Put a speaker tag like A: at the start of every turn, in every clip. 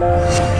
A: Thank you.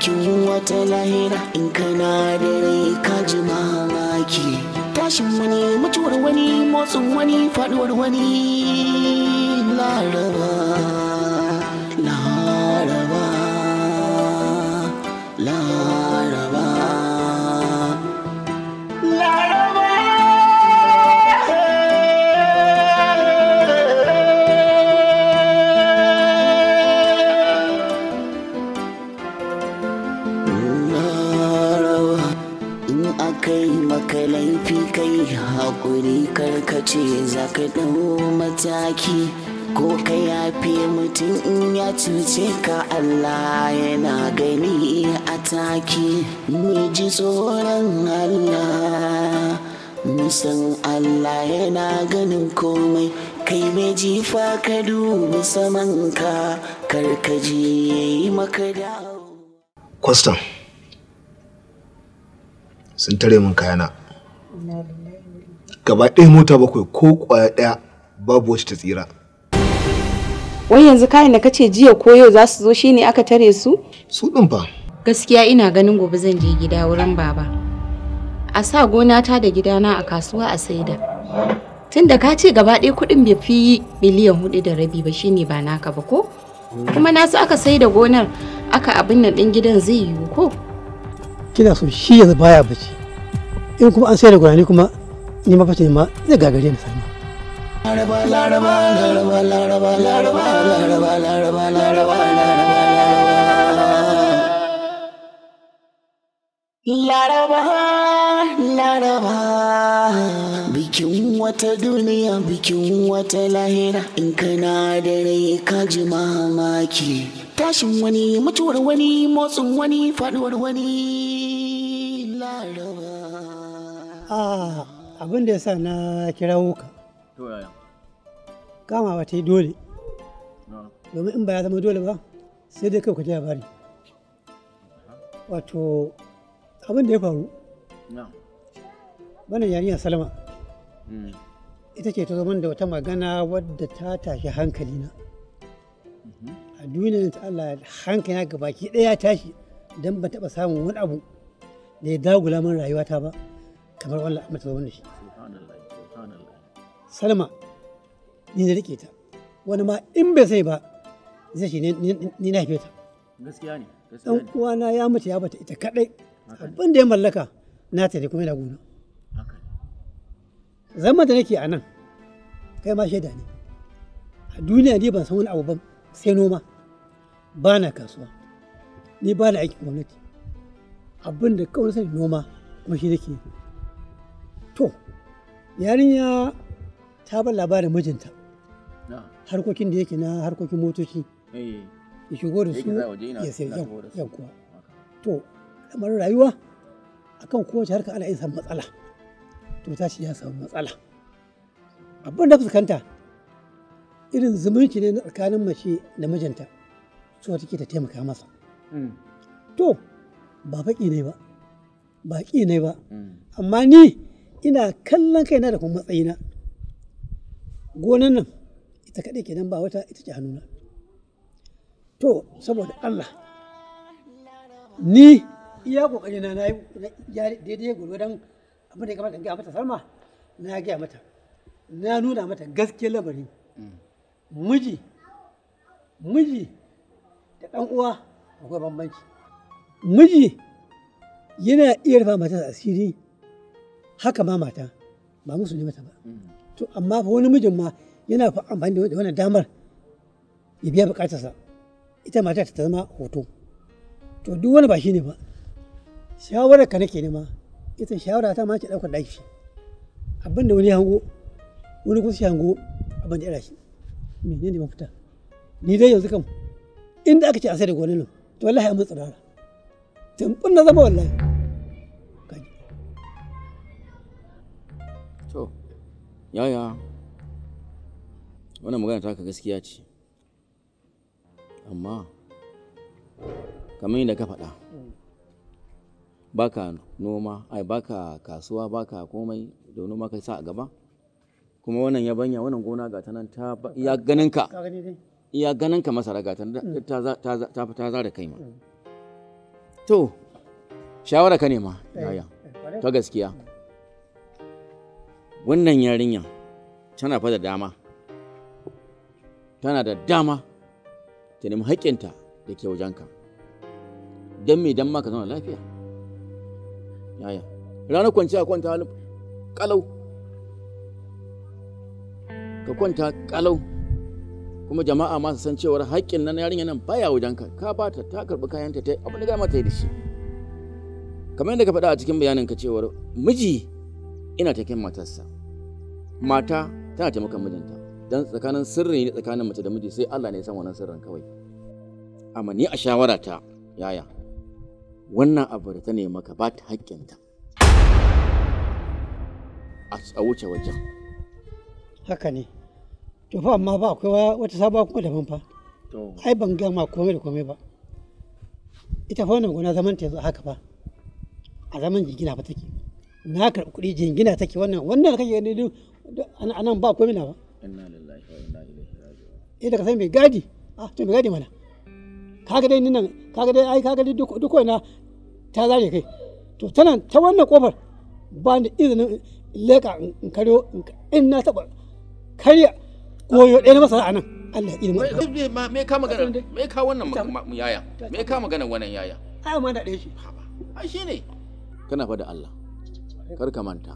A: cikin yunwa ta lahira in kana da ni, ka ji mamaki tashin wani mutuwar wani motsin wani faduwar wani laraba laraba laraba ce za ka ɗau mataki ko ka yafe mutum in ya cuce ka Allah yana gani a taki mu ji tsoron Allah musan Allah yana ganin komai kai mai jifa ka dubi ka karkaji ya yi maka
B: dawo. sun tare mun kayana. gaba ɗaya mota bakwai ko kwaya ɗaya babu wacce ta tsira
C: wai yanzu kayan da kace jiya ko yau za su zo shi ne aka tare su su ɗin fa gaskiya ina ganin gobe zan je gida wurin baba a sa gonata da gidana a kasuwa a saida tunda ka ce gaba ɗaya kuɗin bai fi miliyan hudu da rabi ba shine ba naka ba ko kuma na su aka saida gonar aka abin nan ɗin gidan zai yiwu ko
D: kina so shi yanzu baya bace in kuma an saida ni kuma ni ma fashe ma zai gagare ni sai ma
A: laraba laraba bikin wata duniya bikin wata lahira in kana da rai ka ji mamaki tashin wani mutuwar wani motsin wani faduwar wani
D: laraba Ah. abin da ya sa na kirawo ka kama ta yi dole domin in ba ya zama dole ba sai dai kai ku ji labari wato abin da ya faru bana yarinya salama hmm. ita ce ta zaman da wata magana wadda ta tashi hankalina mhm. a duniyar ta Allah hankalina gabaki ɗaya tashi don ba taɓa samun wani abu da ya dagula min rayuwata ba. kamar wannan amma ta da shi salma ni na rike ta wani ma in bai sai ba zai shi ni na haife ta
E: gaskiya ne dan
D: uwana ya mace ya bata ita kadai abin da ya mallaka na ta kuma yana gona zaman da nake a nan kai ma shaida ne a duniya ne ban san wani abu ba sai noma ba na kasuwa ni ba na aikin gwamnati abin da kawai sai noma kuma shi nake yi yarinya ta bar labarin mijinta harkokin da yake na harkokin motoci eh. ya shigo da su ya sai yan kuwa to lamarin rayuwa akan kowace harka ana yin matsala to ta shi ya samu matsala abin da fuskanta irin zumunci ne na tsakanin mace da mijinta so take ta taimaka masa mm. to ba baƙi ne ba baki ne ba mm. amma ni ina kallon kaina da kuma matsayina gonan nan ita kaɗai kenan ba wata ita ce hannuna to saboda Allah ni iya kokari na na yi daidai don abin da ya kamata gaya mata salma na gaya mata na nuna mata gaske lamarin miji miji da ɗan uwa akwai bambanci miji yana iya rufa mata asiri haka ma mata ba musu ne mata ba mm. to amma fa wani mijin ma yana fa amfani da wannan damar ya biya bukatarsa ita mata ta zama hoto to duk wani ba shi ne ba shawarar ka nake nema ita shawara ta ma ce ɗaukar ɗaki abin da wani hango wani kusa hango abin da ya rashi menene mafita ni dai yanzu kam inda aka ce a sai da nan to wallahi an matsarara tun kunna zama wallahi
E: yaya wannan magana ka gaskiya ce amma kamar yadda ka faɗa baka noma ai baka kasuwa baka komai da noma kai sa a gaba kuma wannan yabanya wannan gona ga ta nan ta iya ganin ka iya ganin ka masara ga ta mm. ta ta da kai ma mm. to shawara ka ne ma eh, yaya eh, eh, ta gaskiya wannan yarinya tana fa da dama tana da dama ta nemi haƙƙinta da ke wajenka don me don ma ka zauna lafiya yaya ranar a kwanta halin kalau ka kwanta kalau kuma jama'a ma su san cewar haƙƙin nan yarinya nan baya wajenka ka ba ta ta karɓi kayanta ta abin da gama ta yi da shi kamar yadda ka faɗa a cikin bayanin ka cewar miji ina taken matarsa mata tana taimakon mijinta don tsakanin sirri ne tsakanin mace da miji sai Allah ne ya san wannan sirrin kawai amma ni a shawara ta yaya wannan abu da ta ne maka ba ta haƙƙinta a wuce wajen
D: haka ne to fa amma ba akwai wata sabuwa kuma da fa ai ban ma komai da komai ba ita fa wannan gona zaman ta yanzu haka ba a zaman jigina ba take na karɓi kuɗi jingina take wannan wannan da kake gani duk anan ba komai na ba inna lillahi wa inna ilaihi raji'un idan eh, ka sai mai gadi ah to mai gadi mana kaga dai nan kaga dai ai kaga dai duk na ta zare kai to tana ta wannan kofar ba ni izinin leka in karyo in na taɓa karya koyo ɗaya na masara a nan Allah ilmi
E: me ka magana me ka wannan yaya me ka magana wannan yaya ai amma da ɗaya shi ai shine kana fa da Allah kar ka manta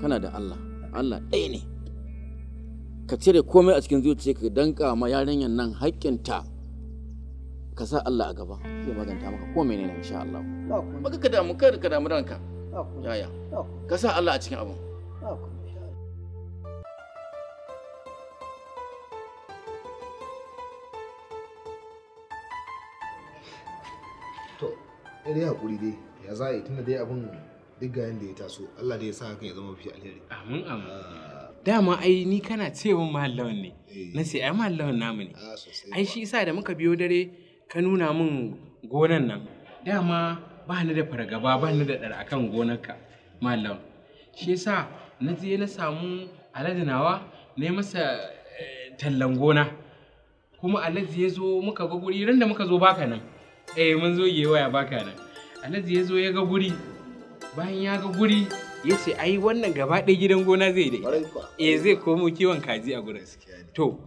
E: kana da Allah Allah ɗaya ne ka cire komai a cikin zuciya ka danka ma yarinyar nan haƙƙinta ka sa Allah a gaba zai maganta maka komai menene insha Allah baka ka damu kar ka damu ranka yaya ka sa Allah a cikin abin
B: to dai hakuri dai ya za yi tunda dai abin duk ga yadda ya taso Allah da ya sa hakan ya zama mafi alheri amin amin ah.
F: dama ai ni kana ce mun mahallawan ne eh. na sai ai mahallawan namu ne ah, ai shi isa da muka biyo dare ka nuna min gonan nan dama ba ni da fargaba ba ni da ɗar akan gonarka mahallawan shi yasa na je na samu alhaji nawa na masa eh, tallan gona kuma alhaji ya zo muka ga guri ran da muka zo baka nan eh mun zo yi waya baka nan alhaji ya zo ya ga guri bayan ya ga guri ya ce ai wannan gaba ɗaya gidan gona zai da eh zai komo kiwon kaji a gurin to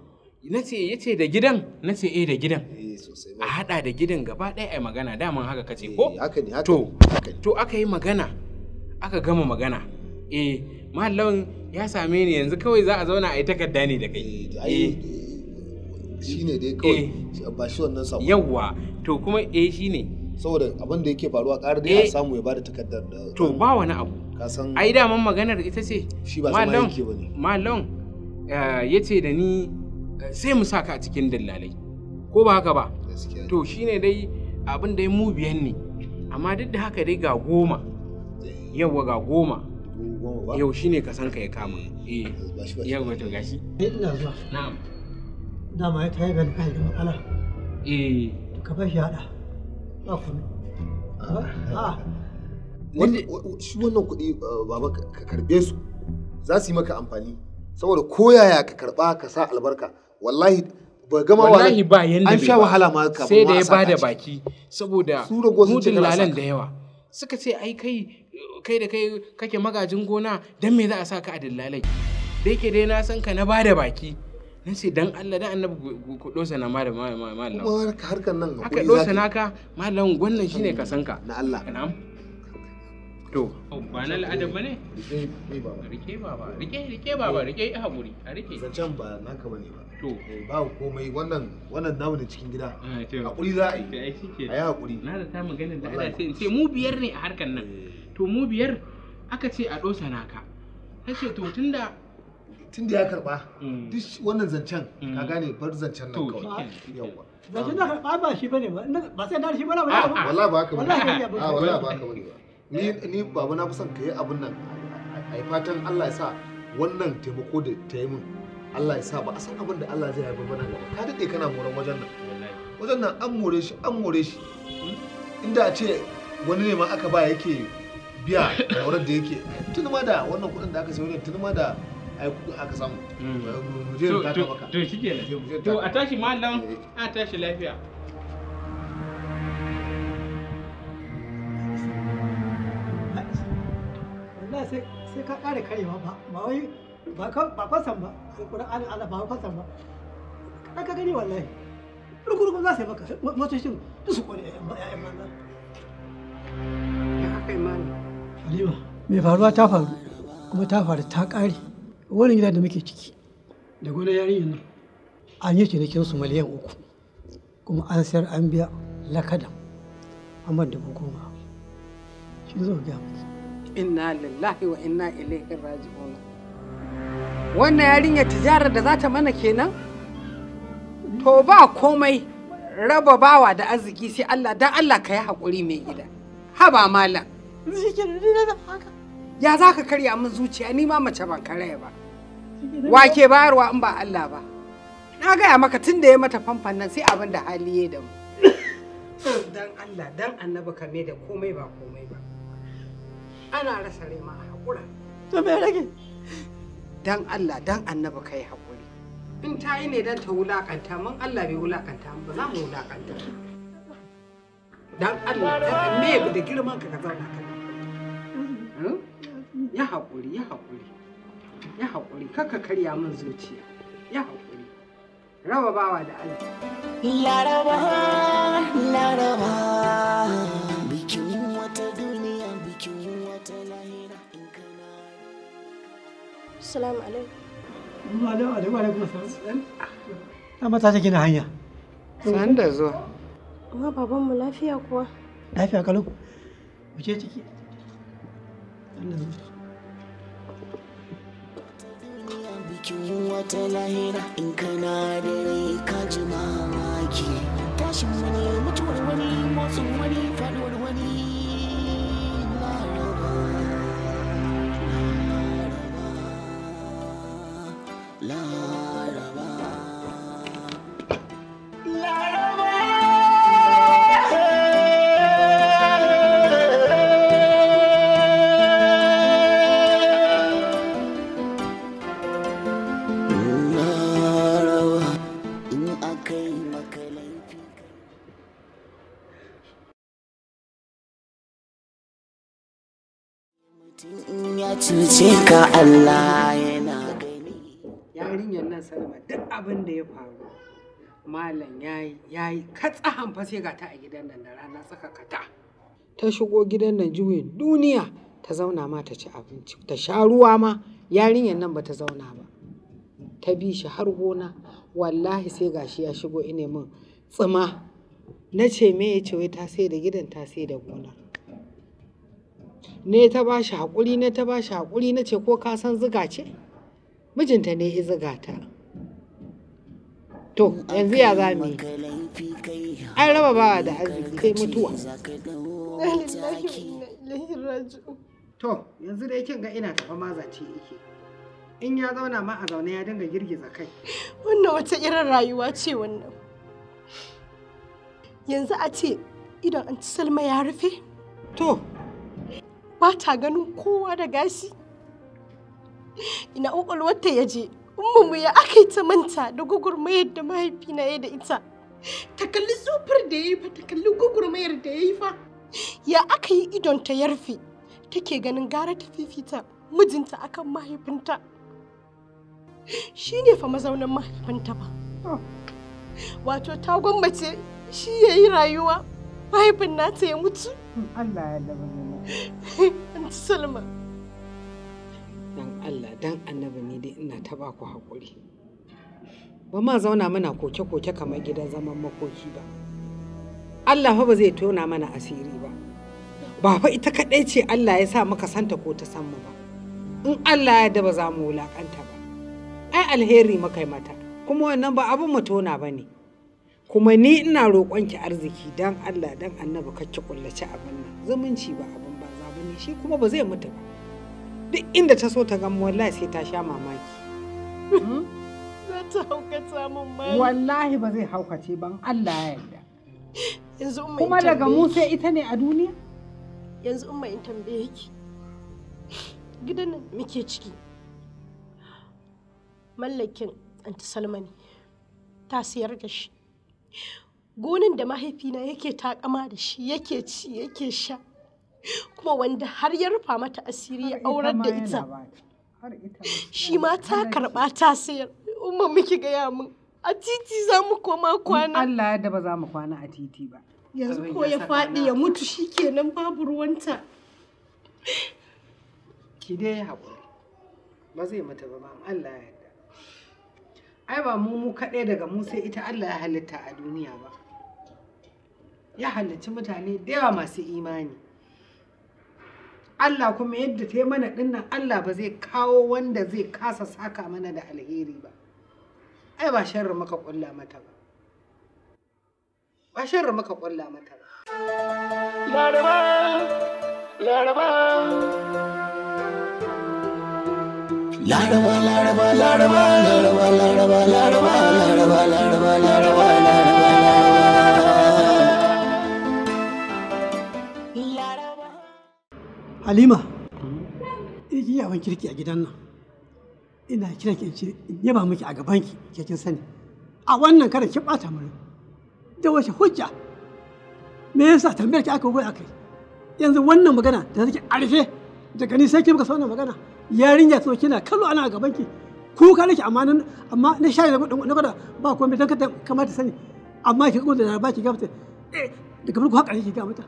F: na ce ya ce da gidan na ce eh da gidan eh, a haɗa da gidan gaba ɗaya a magana daman haka kace eh, ko to to aka yi magana aka gama magana eh mallawan ya same ni yanzu kawai za a zauna a yi takarda ne da kai eh, eh. shine dai kawai ba shi wannan sabon yawwa to kuma eh shine
B: saboda abin da yake faruwa ƙara dai a eh. samu ya bada takardar da to ba wani abu san ai
F: daman maganar ita ce shi ba zama yake bane malon eh, ya ce da ni eh, sai mu saka a cikin dillalai ko ba haka ba to shine dai abin da mu biyan ne amma duk da haka dai ga goma yawa ga goma yau shine ka san ka ya kama eh yawa to gashi
D: ina zuwa na'am dama ya tayi ga kai da matsala eh ka bar shi hada ba ah.
B: Ah. shi wannan kuɗi eh, baba ka karɓe su za su yi maka amfani saboda koyaya ka karɓa ka sa albarka wallahi ba gama wallahi ba yanda an sha wahala ma ka sai da ya bada
F: baki saboda mudin lalan da yawa suka ce ai kai kai da kai kake magajin gona dan me za a saka a dillalai da yake dai na san ka na bada baki nan sai dan Allah dan annabi ku dosa na malam malam malam kuma harkar nan ga aka dosa ka malam wannan shine ka san ka na Allah na'am to ba na al'adab bane rike baba rike baba rike rike baba rike yi hakuri
B: a rike zancen ba naka bane ba to eh, ba komai wannan wannan
F: namu ne cikin gida ah, hakuri za a yi ai shike ai hakuri na da ta magana da Allah sai ce mu biyar ne a harkar nan eh. to mu biyar aka ce a dosa naka ta ce to tunda tun da ya karba mm. duk wannan zancen ka mm. gane bar zancen nan kawai
B: yawa zancen da karba ba shi bane ba sai da shi bane ba ah, wallahi ba haka bane a ah, wallahi ba haka bane ba ni ni baba na kusan kai abun nan ai fatan Allah ya sa wannan taimako da ta yi min Allah ya sa ba a san abin da Allah zai haifar bana gaba ka dade kana moran wajen nan wajen nan an more shi an more shi inda a ce wani ne ma aka ba yake biya da da yake tun ma da wannan kuɗin da aka sayo ne tun ma da ai aka samu mm. mu je ta ta baka
F: to to a tashi mallam eh. a tashi lafiya
D: wallahi sai sai ka kare ba ba wai ba ka ba kwasan ba Allah ba kwasan ba ka gani wallahi za su yi maka motocin duk su kone ya mai faruwa ta faru kuma ta faru ta ƙare wani gida da muke ciki da gona yarinyar nan an yi cinikin su miliyan uku kuma an sayar an biya lakada amma dubu goma shi zo ga
G: miki inna lillahi wa inna ilaihi raji'un wannan yarinyar tijara da za ta mana kenan to ba komai raba bawa da arziki sai Allah dan Allah ka yi haƙuri mai gida haba malam ya za ka karya min zuciya ni ma mace ban karaya ba Wa ke bayarwa in ba Allah ba. Na gaya maka tun da ya mata famfan nan sai abin da hali ya da mu. Dan Allah, dan annabi ka da komai ba komai ba. Ana rasa rai ma a To me rage? Dan Allah, dan annabi ka yi hakuri In ta yi ne dan ta wulakanta mun Allah bai wulakanta mun ba za mu wulakanta.
E: Dan Allah, dan annabi da girman
G: ka ka zauna kana. Hmm? Ya hakuri ya hakuri ya haƙuri kaka karya min zuciya ya haƙuri raba bawa da Allah
A: laraba laraba bikin wata duniya bikin wata lahira in kana assalamu
D: alaikum wa alaikum alaikum assalam amma ta take na hanya san da zuwa
H: amma babanmu lafiya kuwa
D: lafiya kalau mu je ciki Allah
A: cikin wata lahira in kana da rai ka ji mamaki tashin wani mutuwar wani motsin wani wani. Allah yana
G: gani yarinyar nan salma duk abin da ya faru malam yayi yi katsahan fa sai ga ta a gidan nan da rana tsaka kata ta shigo gidan nan juyin duniya ta zauna ma ta ci abinci ta sha ruwa ma yarinyar nan ba ta zauna ba ta bi shi har gona wallahi sai gashi ya shigo ina min tsima na ce me ya ce wai ta sai da gidan ta sai da gonar ne ta ba shi haƙuri ne ta ba shi haƙuri na ce ko kasan ziga ce mijinta ne ya ziga ta to yanzu ya za mu
A: an raba bawa da arziki kai mutuwa
G: to yanzu dai kin ga ina tafa mazace yake in
H: ya zauna ma a zaune ya dinga girgiza kai wannan wata irin rayuwa ce wannan yanzu a ce idan an ci salma ya rufe to ba ta ganin kowa da gashi ina ƙwaƙwalwarta ya je mu ya akai ta manta da gugurmayar da mahaifina ya da ita ta kalli tsofar da ya yi fa ta kalli gugurmayar da ya yi fa ya aka yi idon ta yarfe take ganin gara ta fifita mijinta akan mahaifinta shi ne fa mazaunin mahaifinta ba wato ta gwammace shi ya yi rayuwa mahaifin nata ya mutu hmm, Allah ya Salma. Dan Allah
G: dan annabi ne dai ina ta ba ku haƙuri. Ba ma zauna mana koke-koke kamar gidan zaman makoki ba. Allah fa ba zai tona mana asiri ba. Ba fa ita kaɗai ce Allah ya sa muka santa ko ta san mu ba. In Allah ya da ba za mu wulaƙanta ba. Ai alheri makai mata. Kuma wannan ba abin mu tona ba ne. kuma ni ina roƙonki arziki don Allah don annabi kacce kullace abin nan zumunci ba abin shi kuma ba zai mutu ba duk inda ta so ta ga wallahi sai ta sha mamaki
H: hmm? za ta haukata mun ba
G: wallahi ba zai haukace ban Allah ya yarda
H: kuma daga mu sai
G: ita ne a duniya
H: yanzu umma in tambaye ki gidan muke ciki mallakin anti salmani ta siyar da shi gonin da mahaifina yake takama da shi yake ci yake sha kuma wanda har ya rufa mata asiri ya aurar da ita shi ma ta karɓa ta sayar umma miki gaya min a titi za mu koma kwana Allah
G: yadda ba za mu kwana a titi ba
H: yanzu ko ya faɗi ya mutu shi kenan babu ruwanta
G: ki dai haƙuri ba zai mata ba Allah ya yarda ai ba mu mu kaɗai daga mu sai ita Allah ya halitta a duniya ba ya halicci mutane da yawa masu imani Allah kuma yadda ta yi mana dinnan Allah ba zai kawo wanda zai kasa saka mana da alheri ba ai ba sharri maka kulla mata ba ba sharri maka kulla mata ba laraba
H: laraba laraba
A: laraba laraba laraba laraba laraba laraba laraba
D: halima ki yawon kirki a gidan nan ina kiran ki ce in yaba miki a gaban ki ke kin sani a wannan karan ki bata mu da wace hujja me yasa tambayar ki aka goya kai yanzu wannan magana da take arfe da gani sai ki muka sauna magana yarinya so kina kallo ana a gaban ki ku ka nake amma nan amma na shayi na gwada ba komai dan kamar ta sani amma ki gwada da ba ki gabata eh daga farko haka ne ki ga mata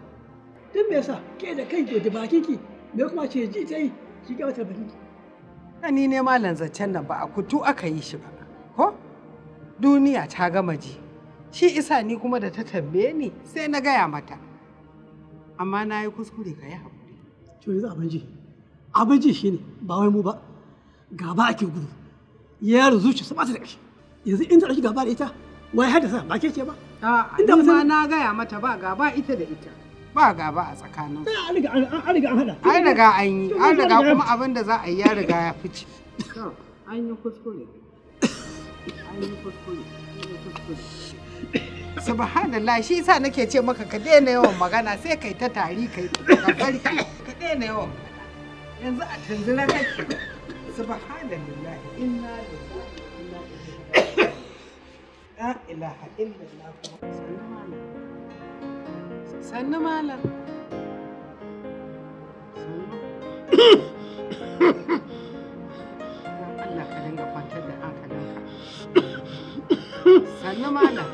D: dan me yasa ke da kanki da bakin ki me kuma ce ji ta yi k'i ga wata bari ni ne malam zancen
G: nan ba a kutu aka yi shi ba ko duniya ta gama ji shi isa ni kuma da ta tambaye ni sai na gaya mata
D: amma na yi kuskure ka yi haƙuri to yanzu abin ji abin ji shine ba wai mu ba gaba ake gudu yaro zuciya su ba da ƙashi yanzu in ta ɗauki gaba da ita wai haddasa ba ke ce ba
G: a'a ma na gaya mata ba gaba ita da ita ba gaba a tsakanin an riga an an yi an riga kuma abin da za a yi ya riga ya fice yi subhanallah shi yasa nake ce maka ka daina yawan magana sai kai ta tari kai bari ka daina yawan magana. yanzu a na kai subhanallah inna lillahi la ilaha illallah sannu malam Allah ka dinga kwantar da hankalinka sannu malam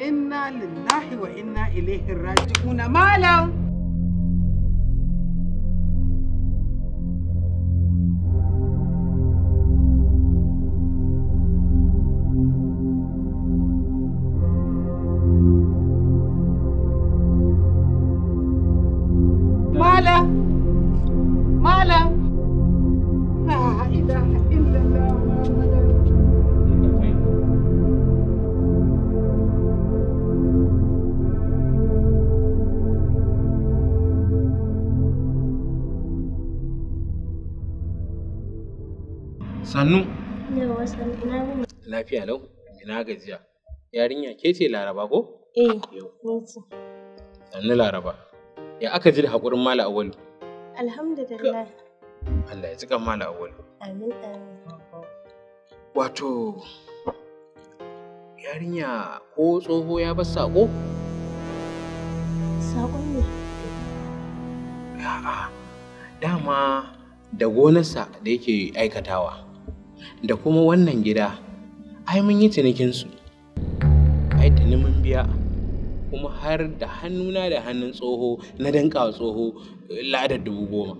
G: inna lillahi wa inna ilaihi raji'una malam
F: Sannu. Lafiya lau, ina gajiya. Yarinya ke ce Laraba ko? Eh, Sannu Laraba. Ya aka ji da haƙurin Mala Awalu?
H: Alhamdulillah.
F: Allah ya ji kan Mala Awalu. Amin Wato, yarinya ko tsoho ya bar saƙo? Saƙon ne. A'a, dama da gonarsa da yake aikatawa. da kuma wannan gida ai mun yi cinikinsu ai tuni mun biya kuma har da hannuna da hannun tsoho na danka tsoho eh, la'adar dubu goma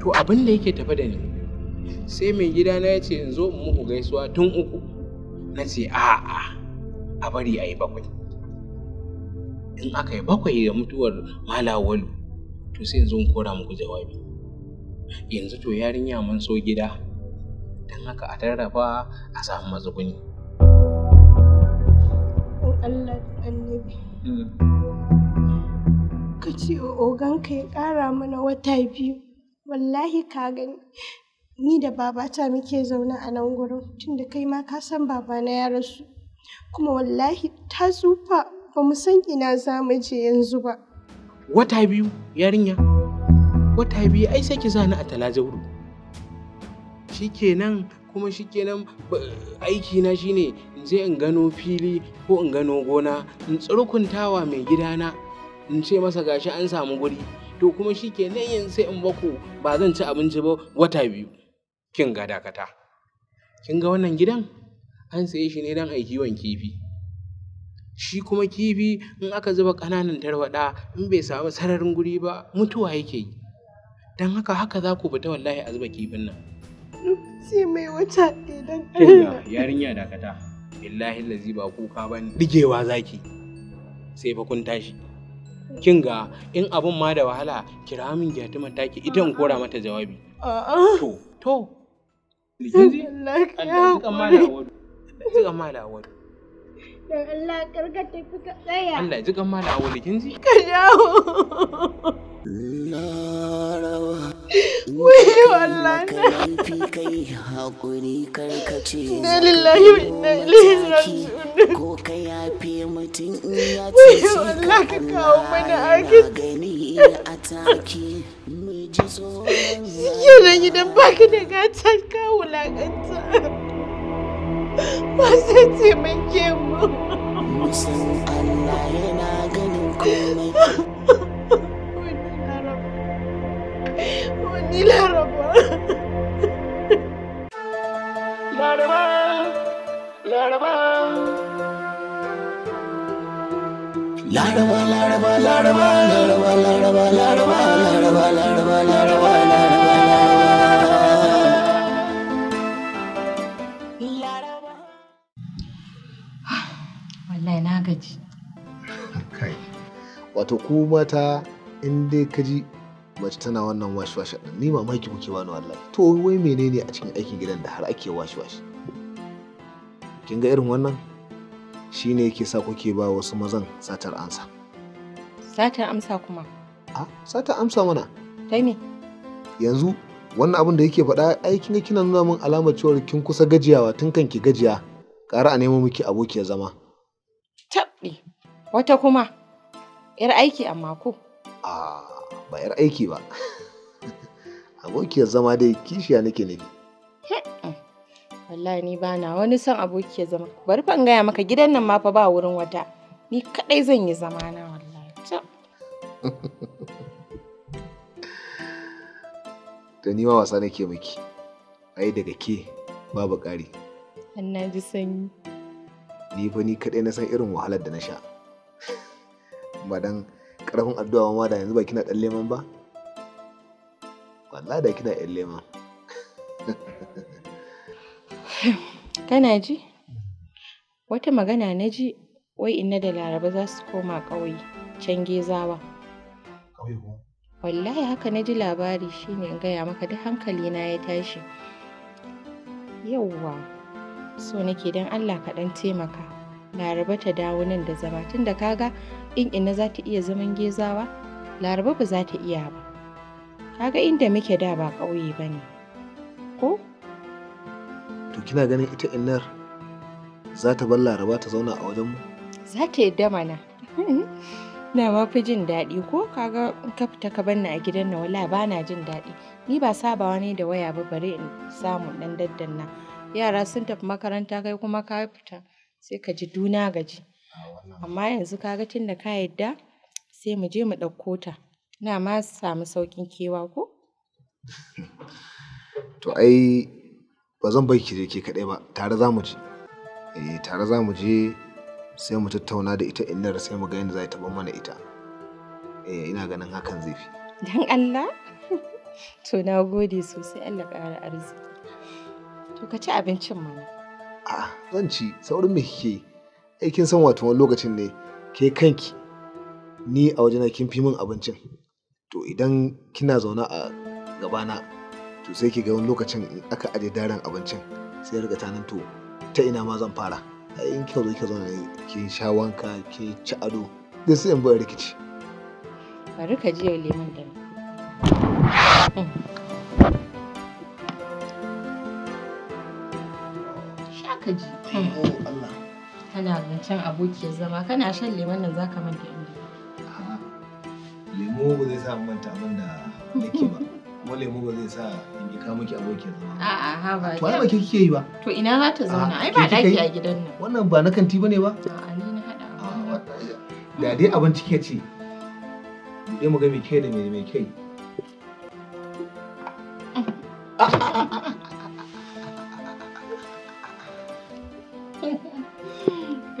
F: to abin da yake tafi da ni sai mai gida na ya ce in zo in muku gaisuwa tun uku na ce a'a a bari a yi bakwai in aka yi bakwai da mutuwar malawalu to sai yanzu kora muku jawabi yanzu to yarinya mun so gida don haka a tarrafa a samu matsuguni
H: Allah annabi hmm. ka ce oganka ya ƙara mana wata biyu wallahi ka gani ni da babata muke zaune a nan gurin tunda kai ma ka san babana ya rasu kuma wallahi ta tsufa ba mu san ina za mu je yanzu ba
F: wata biyu yarinya wata biyu ai sai ki zani a talazauru shikenan kuma shikenan aiki na shine in je in gano fili ko in gano gona in tsurkuntawa mai gidana in ce masa gashi an samu guri to kuma shikenan yanzu sai in bako ba zan ci abinci ba wata biyu kin ga dakata kin ga wannan gidan an saye shi ne don aiki kiwon kifi Shi kuma kifi in aka zuba ƙananan tarwaɗa in bai samu sararin guri ba mutuwa yake yi. Don haka haka za ku fita wallahi a zuba kifin nan.
H: Sai mai wata idan Allah.
F: Yarinya dakata. Billahi lazi ba kuka ba digewa zaki. Sai fa kun tashi. Kin ga in abin ma da wahala kira min gyatumar taki ita in kora mata jawabi. To, to. Likizi? Allah ya haƙuri. Allah ya haƙuri.
H: Don Allah karka tafi ka tsaya. Allah
F: ji kan wani kinji.
H: Ka jawo.
A: Larawa. Wai wallahi. kai hakuri karkace. Na lillahi wa inna ilaihi Ko ka yafe mutum in ya ce shi kawo mana akin. Gani a gidan baka da
H: gata ka ba zai taimake
A: mu musan Allah yana ganin komai wani laraba laraba laraba laraba laraba laraba laraba laraba laraba laraba laraba laraba
C: wallahi na gaji
B: kai wato ku mata in dai ka ji mace tana wannan washi-washi ɗin ni mamaki kuke bani wallahi to wai menene a cikin aikin gidan da har ake washi-washi kin ga irin wannan shine yake sa kuke ba wasu mazan satar amsa.
C: satar amsa kuma
B: a satar amsa mana kai ne. yanzu wannan abin da yake faɗa aikin ga kina nuna min alamar cewa kin kusa gajiyawa tun kan gajiya ƙara a nemo miki abokiyar zama
C: kuɗi Wata kuma, ‘yar aiki amma ko?
B: A ba ‘yar aiki ba. Abokiyar zama dai kishiya nake nufi.
C: Wallahi ni ba na wani son abokiyar zama. Bari fa in gaya maka gidan nan ma fa ba wurin wata. Ni kaɗai zan yi zama na wallahi.
B: Da ni ma wasa nake miki. Ai daga ke babu ƙari. ji sanyi. ni fa ni kaɗai na san irin wahalar da na sha ba dan ƙarfin addu'a ma da yanzu ba kina ɗan leman ba wallahi da kina ɗan leman
C: kana ji wata magana na ji wai inna da laraba za su koma ƙauye can gezawa wallahi haka na ji labari shine in gaya maka duk hankali na ya tashi yauwa so nake don Allah ka ɗan taimaka laraba ta dawo nan da zama tun da kaga in ina za ta iya zaman gezawa laraba ba za ta iya ba kaga inda muke da ba ƙauye ba ne ko
B: to kina ganin ita innar za ta bar laraba ta zauna a wajenmu
C: za ta yadda mana na ma fi jin daɗi ko kaga ka fita ka banna a gidan na wala ba na jin daɗi ni ba sabawa ne da waya ba bare in samu ɗan daddanna yara sun tafi makaranta kai kuma ka fita sai ka ji duna gaji ah, amma yanzu kaga ga tun da ka yadda sai mu je mu ɗauko ta na ma samu sauƙin kewa ko
B: to ai ba zan bai ki ke kaɗai ba tare za mu je eh tare za mu je sai mu tattauna da ita inda sai mu ga yadda za ta mana ita eh ina ganin hakan zai fi
C: dan Allah to na gode sosai Allah ƙara arziki To ka ci abincin mana.
B: A zan ci saurin me kike yi. kin san wato wani lokacin ne ke kanki ni a wajena kin fi min abincin. To idan kina zauna a gabana to sai ki ga wani lokacin in aka aje daren abincin sai ya riga tanan to ta ina ma zan fara. In kyau zo ki zauna ki sha wanka ki ci ado da sai in bar rikici.
C: Bari ka ji lemun da. sha ji oh, Allah kana zancen abokiyar zama kana shan lemon nan zaka manta inda
B: lemo ba zai sa manta abin da nake ba kuma lemo ba zai sa in yi kawo miki abokiyar zama
C: a'a ha ba to ai ba kike yi ba to ina za ta zauna ai ba daki a gidan
B: nan wannan ba na kanti bane ba
C: a'a ni na
B: hada da dai abin cike ce bude mu ga me kai da me kai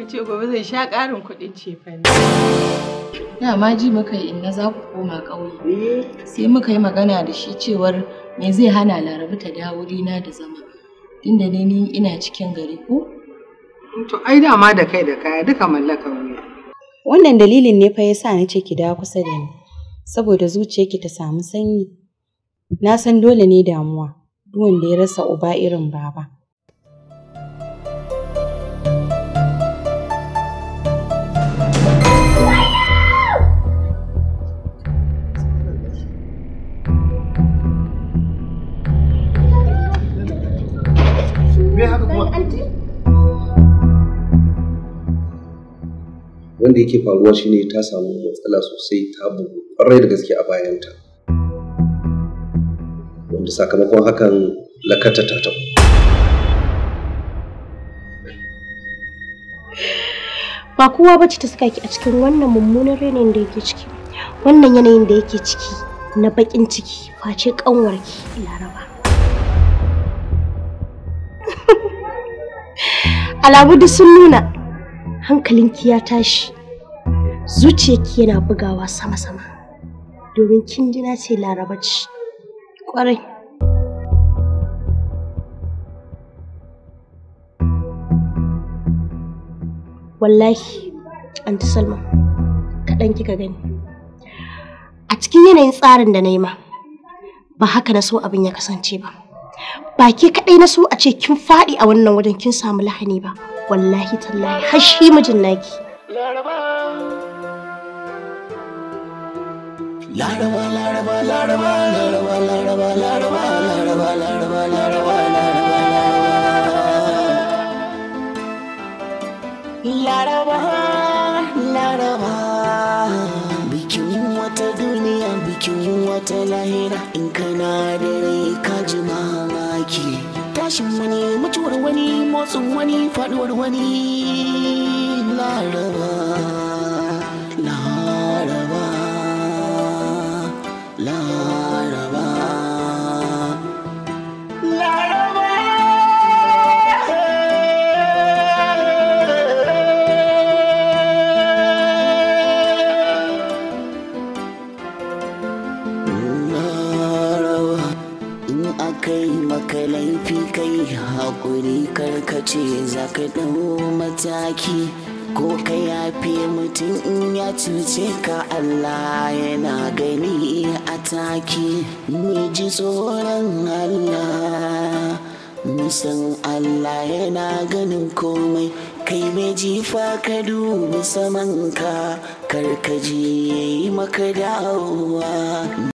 C: ce gobe zai sha ƙarin kuɗin cefane. ma ji muka yi inna za ku koma ƙauye. Eh. Sai muka yi magana da shi cewar me zai hana Laraba ta dawo na da zama. inda dai ni ina cikin gari ko?
G: To ai ma da kai da kaya duka mallakar wuya.
C: Wannan dalilin ne fa yasa na ce ki dawo kusa da ni. Saboda zuciyarki ta samu sanyi. Na san dole ne damuwa. Duk wanda ya rasa uba irin baba.
F: wanda yake faruwa shine ta samu matsala sosai ta bugu ƙwarai da
G: gaske a bayanta wanda sakamakon hakan lakata ta tau
H: ba kowa ba ta saka ki a cikin wannan mummunan rainin da yake ciki wannan yanayin da yake ciki na bakin ciki face kanwarki laraba alamu sun nuna hankalinki ya tashi zuciyarki yana bugawa sama-sama domin kin ji na ce laraba ce kwarai wallahi anti salma kaɗan kika gani a cikin yanayin tsarin da na yi ma ba haka na so abin ya kasance ba ba ke kaɗai na so a ce kin faɗi a wannan wajen kin samu lahani ba wallahi tallahi har shi mijin naki laraba laraba laraba laraba laraba laraba
A: laraba laraba laraba laraba laraba laraba, laraba, bikin wata duniya bikin wata lahira in kana da tashin wani mutuwar wani motsin wani faduwar wani laraba ce za ka ɗau mataki ko ka yafe mutum in ya cuce ka Allah yana gani a taki miji tsoron Allah musan Allah yana ganin komai kai mai jifa
E: ka dubi samanka karkaji ya yi maka dawowa